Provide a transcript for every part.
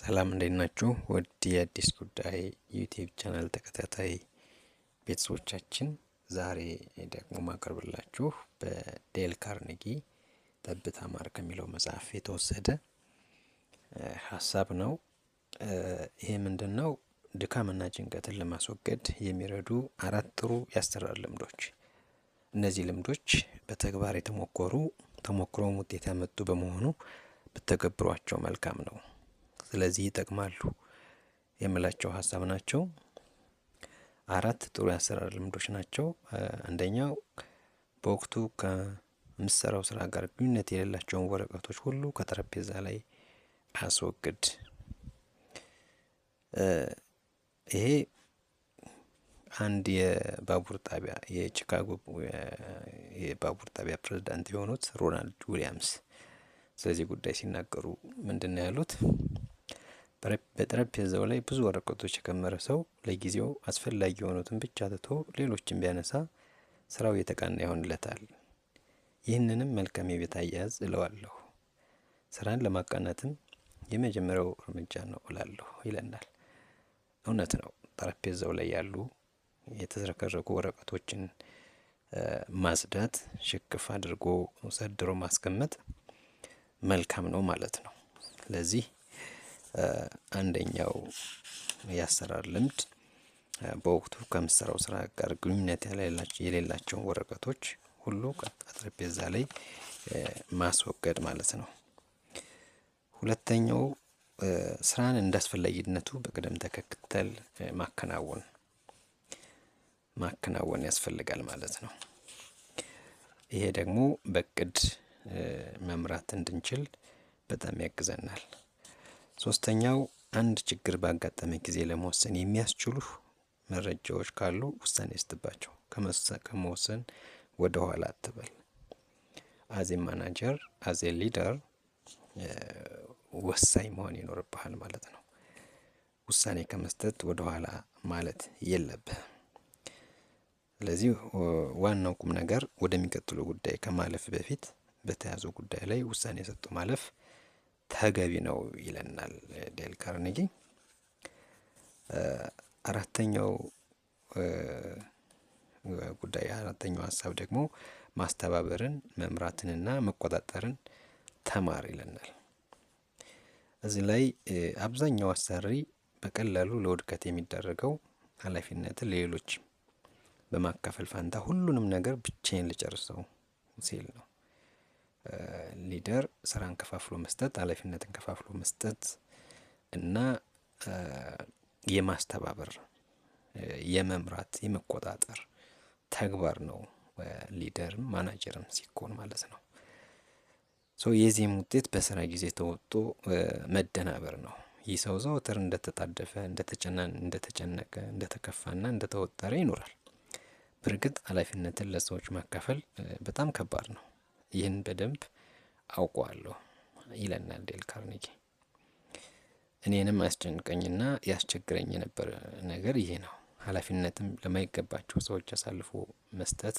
ሰላም እንዴት ናችሁ? ውድ የአዲስ ጉዳይ ዩቲዩብ ቻናል ተከታታይ ቤተሰቦቻችን፣ ዛሬ ደግሞ ማቀርብላችሁ በዴል ካርኔጊ ጠብታ ማር ከሚለው መጽሐፍ የተወሰደ ሀሳብ ነው። ይሄ ምንድን ነው? ድካምና ጭንቀትን ለማስወገድ የሚረዱ አራት ጥሩ የአሰራር ልምዶች። እነዚህ ልምዶች በተግባር የተሞከሩ ተሞክሮም ውጤት ያመጡ በመሆኑ ብተገብሯቸው መልካም ነው። ስለዚህ ይጠቅማሉ የምላቸው ሀሳብ ናቸው። አራት ጥሩ የአሰራር ልምዶች ናቸው። አንደኛው በወቅቱ ከምሰራው ስራ ጋር ግንኙነት የሌላቸውን ወረቀቶች ሁሉ ከጠረጴዛ ላይ አስወግድ። ይሄ አንድ የባቡር ጣቢያ የቺካጎ የባቡር ጣቢያ ፕሬዝዳንት የሆኑት ሮናልድ ዊሊያምስ ስለዚህ ጉዳይ ሲናገሩ ምንድን ነው ያሉት? በጠረጴዛው ላይ ብዙ ወረቀቶች የከመረ ሰው ለጊዜው አስፈላጊ የሆኑትን ብቻ ትቶ ሌሎችን ቢያነሳ ስራው የተቃና ይሆንለታል። ይህንንም መልካም የቤት አያያዝ እለዋለሁ። ስራን ለማቃናትም የመጀመሪያው እርምጃ ነው እላለሁ ይለናል። እውነት ነው። ጠረጴዛው ላይ ያሉ የተዝረከረኩ ወረቀቶችን ማጽዳት፣ ሽክፍ አድርጎ ሰድሮ ማስቀመጥ መልካም ነው ማለት ነው። ስለዚህ አንደኛው የአሰራር ልምድ በወቅቱ ከምሰራው ስራ ጋር ግንኙነት የሌላቸውን ወረቀቶች ሁሉ ጠረጴዛ ላይ ማስወገድ ማለት ነው። ሁለተኛው ስራን እንዳስፈላጊነቱ በቅደም ተከተል ማከናወን ማከናወን ያስፈልጋል ማለት ነው። ይሄ ደግሞ በእቅድ መምራት እንድንችል በጣም ያግዘናል። ሶስተኛው አንድ ችግር ባጋጠመ ጊዜ ለመወሰን የሚያስችሉ መረጃዎች ካሉ ውሳኔ ስትባቸው ከመወሰን ወደ ኋላ አትበል። አዜ ማናጀር አዜ ሊደር ወሳኝ መሆን ይኖርብሃል ማለት ነው። ውሳኔ ከመስጠት ወደ ኋላ ማለት የለብህ። ስለዚህ ዋናው ቁም ነገር ወደሚቀጥሉ ጉዳይ ከማለፍ በፊት በተያዙ ጉዳይ ላይ ውሳኔ ሰጥቶ ማለፍ ተገቢ ነው ይለናል ዴል ካርኔጊ። አራተኛው ጉዳይ አራተኛው ሀሳብ ደግሞ ማስተባበርን መምራትንና መቆጣጠርን ተማር ይለናል። እዚህ ላይ አብዛኛው አሰሪ በቀላሉ ለውድቀት የሚደረገው ኃላፊነትን ለሌሎች በማካፈል ፋንታ ሁሉንም ነገር ብቻዬን ልጨርሰው ሲል ነው። ሊደር ስራን ከፋፍሎ መስጠት፣ ኃላፊነትን ከፋፍሎ መስጠት እና የማስተባበር የመምራት የመቆጣጠር ተግባር ነው። ሊደርም ማናጀርም ሲኮን ማለት ነው። ሶ የዚህም ውጤት በስራ ጊዜ ተወጥቶ መደናበር ነው። ይህ ሰው ዘወትር እንደተጣደፈ፣ እንደተጨነቀ፣ እንደተከፋና እንደተወጠረ ይኖራል። በእርግጥ ኃላፊነትን ለሰዎች ማካፈል በጣም ከባድ ነው። ይህን በደንብ አውቀዋለሁ ይለናል ዴል ካርኔጊ። እኔንም አስጨንቀኝና ያስቸግረኝ የነበረ ነገር ይሄ ነው። ኃላፊነትም ለማይገባቸው ሰዎች አሳልፎ መስጠት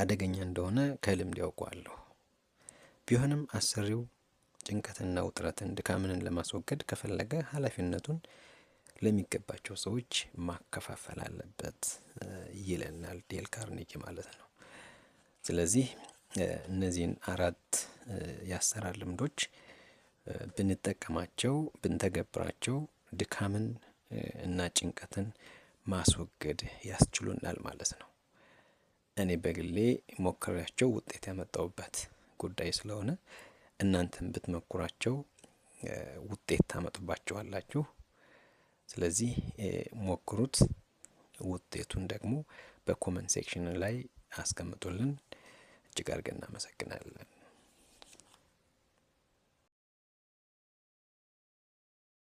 አደገኛ እንደሆነ ከልምድ ያውቀዋለሁ። ቢሆንም አሰሪው ጭንቀትና ውጥረትን ድካምንን ለማስወገድ ከፈለገ ኃላፊነቱን ለሚገባቸው ሰዎች ማከፋፈል አለበት ይለናል ዴል ካርኔጊ ማለት ነው። ስለዚህ እነዚህን አራት የአሰራር ልምዶች ብንጠቀማቸው ብንተገብራቸው ድካምን እና ጭንቀትን ማስወገድ ያስችሉናል ማለት ነው። እኔ በግሌ ሞክሬያቸው ውጤት ያመጣውበት ጉዳይ ስለሆነ እናንተን ብትሞክሯቸው ውጤት ታመጡባቸዋላችሁ። ስለዚህ ሞክሩት። ውጤቱን ደግሞ በኮመንት ሴክሽን ላይ አስቀምጡልን። እጅግ አድርገን እናመሰግናለን።